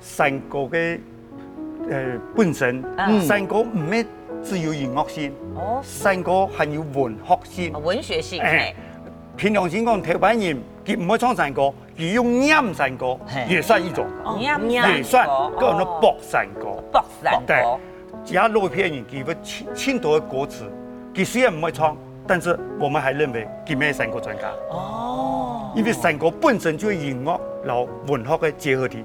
山歌嘅誒本身，山歌唔咩只有音樂性，山歌係、哦、有文學性，文學性。嗯嗯、學性平常先講台灣人佢唔會唱山歌，佢用念山歌也算一種，念、哦、山歌，嗰個叫白山歌。白山歌。對，其他內地人佢會唱傳統嘅歌詞，佢雖然唔會唱，但是我們還認為，佢咩山歌專家、哦，因為山歌本身就要音樂同文學嘅結合體。